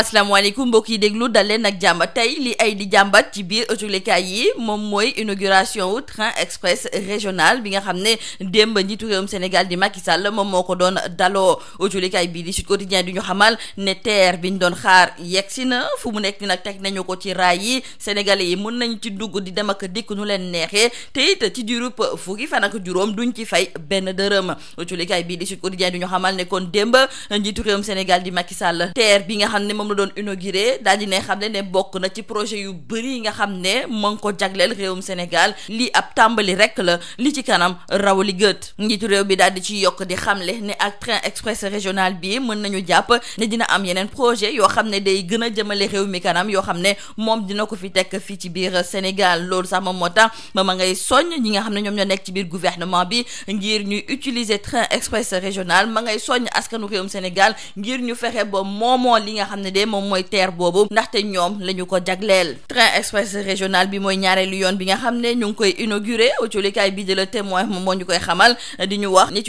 asalaamaaleykum mbokk yi déglu dal leen ak jàmm tey li ay di jàmbat ci biir ëtulekaay yi moom mooy inauguration wu train express régional bi nga xam ne démb njiitu réewum Sénégal di Macky Sall moom moo ko doon daloo ëtulekaay bii di Sud Quotidien di ñu xamal ne TER bi ñu doon xaar yegsi na fu mu nekk nag teg nañu ko ci raay yi sénégalais yi mën nañ ci dugg di dem ak dikk nu leen neexee te ci diirub fukki fan ak juróom duñ ci fay benn dërëm ëtulekaay bii di Sud Quotidien di ñu xamal ne kon démb njiitu réewum Sénégal di Macky bi nga xam ne moom moom la doon di ne xam ne ne bokk na ci projet yu bëri yi nga xam ne ma ngi ko jagleel réewum Sénégal lii ab tàmbali rek la li ci kanam raw li gët njiitu réew bi daal di ci yokk di xamle ne ak train express régional bi mën nañu jàpp ne dina am yeneen projet yoo xam ne day gën a jëmale réew mi kanam yoo xam ne moom dina ko fi tekk fii ci biir Sénégal loolu sax moom moo tax ma ma ngay soññ ñi nga xam ne ñoom ñoo nekk ci biir gouvernement bi ngir ñuy utiliser train express régional ma ngay soñ askanu réewum Sénégal ngir ñu fexe ba moomoo li nga ne de moom mooy terre boobu ndaxte ñoom la ko jagleel train express régional bi mooy ñaareelu yoon bi nga xam ne ñu ngi koy inauguré autolikaay bi de la témoin moom moo ñu koy xamal ñu wax ni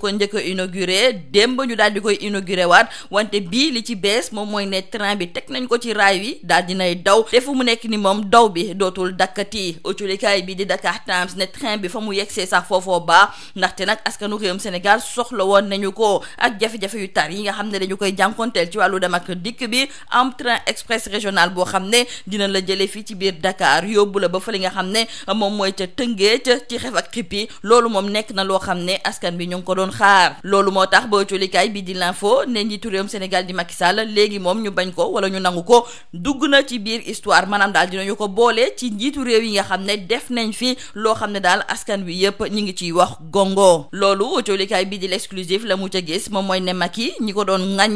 ko njëkk a inauguré démb ñu daal di koy inauguré waat mooy ne train bi teg nañ ko ci raay wi daal dinay daw mu nekk ni moom daw bi dootul dakkati autolikaay bi di Dakar Times ne train bi fa mu yegsee sax foofoo baax ndaxte nag askanu réewum Sénégal soxla woon nañu ko ak jafe-jafe yu tar yi nga xam ne dañu koy ngay jànkonteel ci wàllu dem ak dikk bi am express régional boo xam ne dina la jëlee fii ci biir Dakar yóbbu la ba fa li nga xam ne moom mooy ca Tëngéej ci xef ak xippi loolu moom nekk na loo xam ne askan bi ñu ngi ko doon xaar loolu moo tax ba colikaay bi di l'info ne njiitu réewum Sénégal di Macky Sall léegi moom ñu bañ ko wala ñu nangu ko dugg na ci biir histoire maanaam daal dinañu ko boole ci njiitu réew yi nga xam ne def nañ fi loo xam ne daal askan wi yëpp ñi ngi ci wax gongo loolu colikaay bi di l'exclusif la mu ca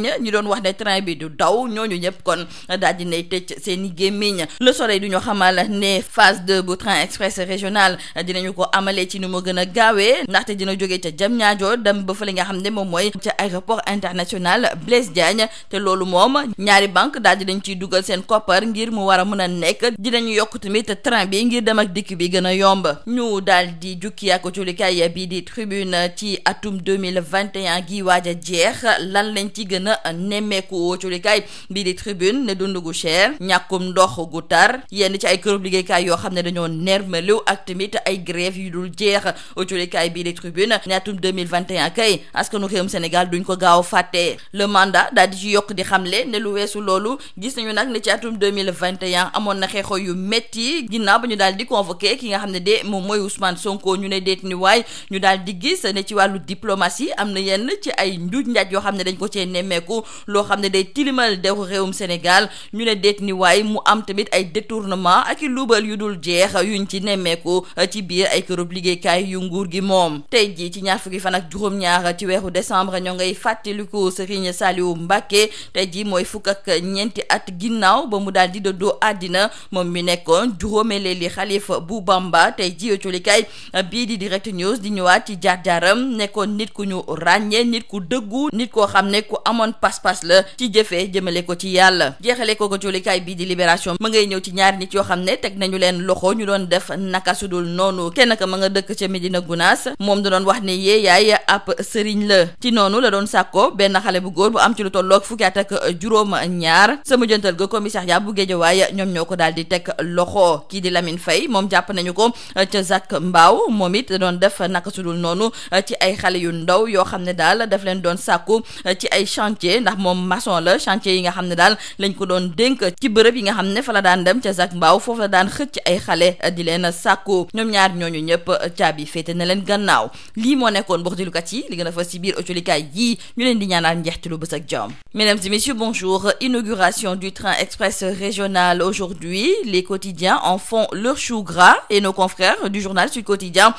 gémmiñ ñi doon wax ne train bi du daw ñooñu ñëpp kon daal di nay tëj seen i gémmiñ le soleil du ñu xamal ne phase de bu train express régional dinañu ko amalee ci nu mu gën a gaawee ndaxte dina jógee ca Diamniadio dem ba fa li nga xam ne moom mooy ca aéroport international Blaise Diagne te loolu moom ñaari banque daal di dañ ciy dugal seen koppar ngir mu war a mën a nekk dinañu yokk tamit train bi ngir dem ak dikk bi gën a yomb ñu daal di jukki ak jullikaay bi di tribune ci atum 2021 gi waaj jeex lan lañ ci gën nemmeeku woo ci likaay bii di tribune ne dund cher ñàkkum ndox gu tar yenn ci ay kërub liggéeykaay yoo xam ne dañoo nermeliw ak tamit ay grève yu dul jeex autolikaay bii di tribune ñaatum 2021 kay askanu réewum Sénégal duñ ko gaaw fàtte le mandat daal di ci yokk di xamle ne lu weesu loolu gis nañu nag ne ci atum 2021 amoon na xeexoo yu métti ginnaaw ba ñu daal di convoqué ki nga xam ne de moom mooy Ousmane Sonko ñu ne déet ni waay ñu daal di gis ne ci wàllu nemmeeku loo xam ne day tilimal deru réewum Sénégal ñu ne deet ni waay mu am tamit ay détournement ak i luubal yu dul jeex yuñ ci nemmeeku euh, ci biir ay kërub liggéeykaay yu nguur gi moom tey jii ci ñaar fukki fan ak juróom-ñaar ci weeru décembre ñoo ngay fàttaliku Serigne Saliou Mbacké tey ji mooy fukk ak ñeenti at ginnaaw ba mu daal di dëddoo àddina moom mi nekkoon juróomelee li xalif bu Bamba tey jii colikaay euh, bii di direct news di ñëwaat ci jaar-jaaram pas-pas la ci jëfee jëmale ko ci yàlla jeexale ko ko julikaay bi di libération ma ngay ñëw ci ñaari nit yoo xam ne teg nañu leen loxo ñu doon def naka su dul noonu kenn ka ma nga dëkk ca Medina Gunaas moom da doon wax ne yee yaay ab sëriñ la ci noonu la doon benn xale bu góor bu am ci lu tolloog fukki at ak juróom ñaar sama jëntal ga commissariat bu Géejawaay ñoom ñoo ko daal di teg loxo kii di Lamine Faye moom jàpp nañu ko ca Zac Mbao moom it da doon def naka su dul noonu ci ay xale yu ndaw yoo xam ne daal daf leen doon sàkku ci ay chantier chantier ndax moom maçon la chantier yi nga xam ne daal lañ ko doon dénk ci bërëb yi nga xam ne fa la daan dem ca Zac Mbao foofu la daan xëcc ay xale di leen sàkku ñoom ñaar ñooñu ñëpp euh, caabi féete na leen gannaaw lii moo nekkoon bordilukat li gën a fas ci biir autolikaay ñu leen di ñaanal njeextilu bés ak jàmm mesdames et messieurs bonjour inauguration du train express régional aujourd'hui les quotidiens en font leur chou gras et nos confrères du journal Sud Quotidien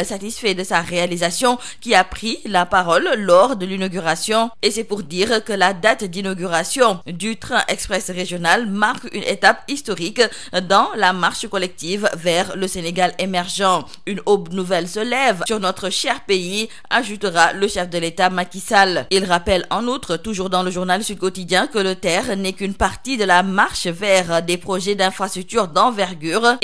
nationale satisfait de sa réalisation qui a pris la parole lors de l'inauguration et c'est pour dire que la date d'inauguration du train express régional marque une étape historique dans la marche collective vers le Sénégal émergent. Une aube nouvelle se lève sur notre cher pays, ajoutera le chef de l'État Macky Sall. Il rappelle en outre, toujours dans le journal Sud Quotidien, que le TER n'est qu'une partie de la marche vers des projets d'infrastructures d'envergure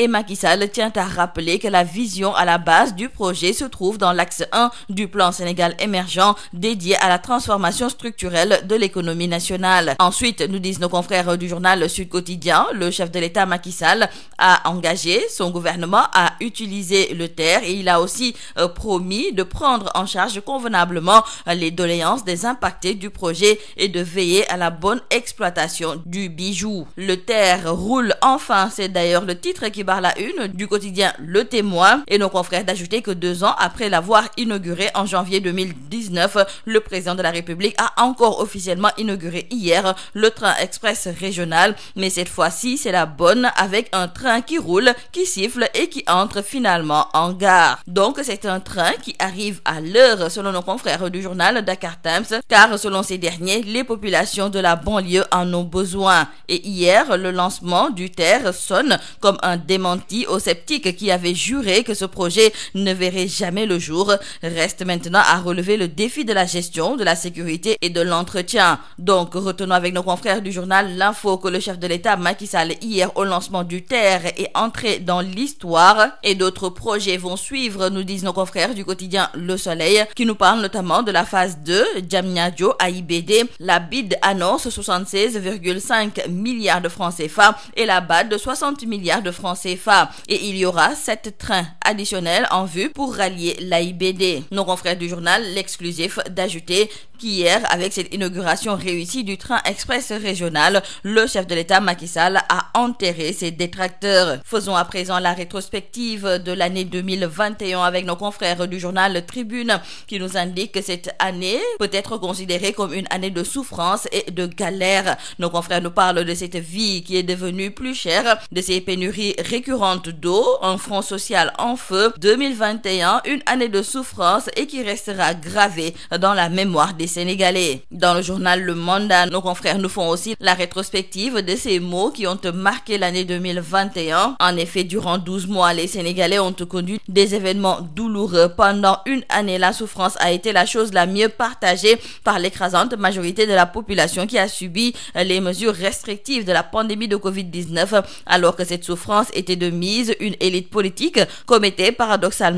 projet se trouve dans l'axe 1 du plan Sénégal émergent dédié à la transformation structurelle de l'économie nationale. Ensuite, nous disent nos confrères du journal Sud Quotidien, le chef de l'État Macky Sall a engagé son gouvernement à utiliser le terre et il a aussi euh, promis de prendre en charge convenablement euh, les doléances des impactés du projet et de veiller à la bonne exploitation du bijou. Le terre roule enfin, c'est d'ailleurs le titre qui barre la une que deux ans après l'avoir inauguré en janvier 2019, le président de la République a encore officiellement inauguré hier le train express régional. Mais cette fois-ci, c'est la bonne avec un train qui roule, qui siffle et qui entre finalement en gare. Donc c'est un train qui arrive à l'heure selon nos confrères du journal Dakar car selon ces derniers, les populations de la banlieue en ont besoin. Et hier, le lancement du TER sonne comme un démenti aux sceptiques verrait jamais le jour. Reste maintenant à relever le défi de la gestion, de la sécurité et de l'entretien. Donc, retenons avec nos confrères du journal l'info que le chef de l'État, Macky hier au lancement du TER est entré dans l'histoire et d'autres projets vont suivre, nous disent nos confrères du quotidien Le Soleil, qui nous parle notamment de la phase 2, Diamniadio AIBD. La BID annonce milliards de francs CFA et la BAD de milliards de francs prévu pour rallier l'AIBD. Nos confrères du journal L'exclusif d'ajouter qu'hier, avec cette inauguration réussie du train express régional, le chef de l'État Macky a enterré ses détracteurs. Faisons à présent la rétrospective de l'année 2021 avec nos confrères du journal Tribune qui nous indique que cette année peut être considérée comme une année de souffrance et de galère. Nos confrères nous parlent de cette vie qui est devenue plus chère, de ces pénuries 2021, une année de souffrance et qui restera gravée dans la mémoire des Sénégalais. Dans le journal Le Monde, nos confrères nous font aussi la rétrospective de ces mots qui ont marqué l'année En effet, durant 12 mois, les Sénégalais ont connu des événements douloureux. Pendant une année, la souffrance a été la chose la mieux partagée par l'écrasante majorité de la population qui a subi les mesures restrictives de la pandémie de Covid-19. Alors que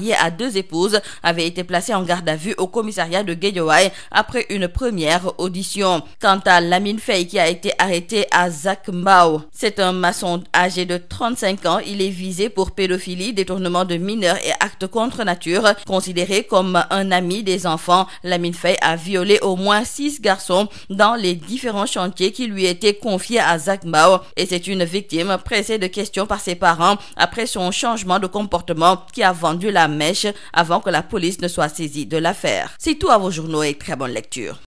marié à deux épouses, avait été placé en garde à vue au commissariat de Guédiawaye après une première audition. Quant à Lamine Faye qui a été arrêté à Zac c'est un maçon âgé de 35 ans, il est visé pour pédophilie, détournement de mineurs et actes contre nature. Considéré comme un ami des enfants, Lamine Faye a violé au moins six garçons dans les différents chantiers qui lui étaient confiés à Zac Mbao et c'est une victime pressée de questions par à Mèche avant que la police ne soit saisie de l'affaire. C'est tout à vos journaux et très bonne lecture.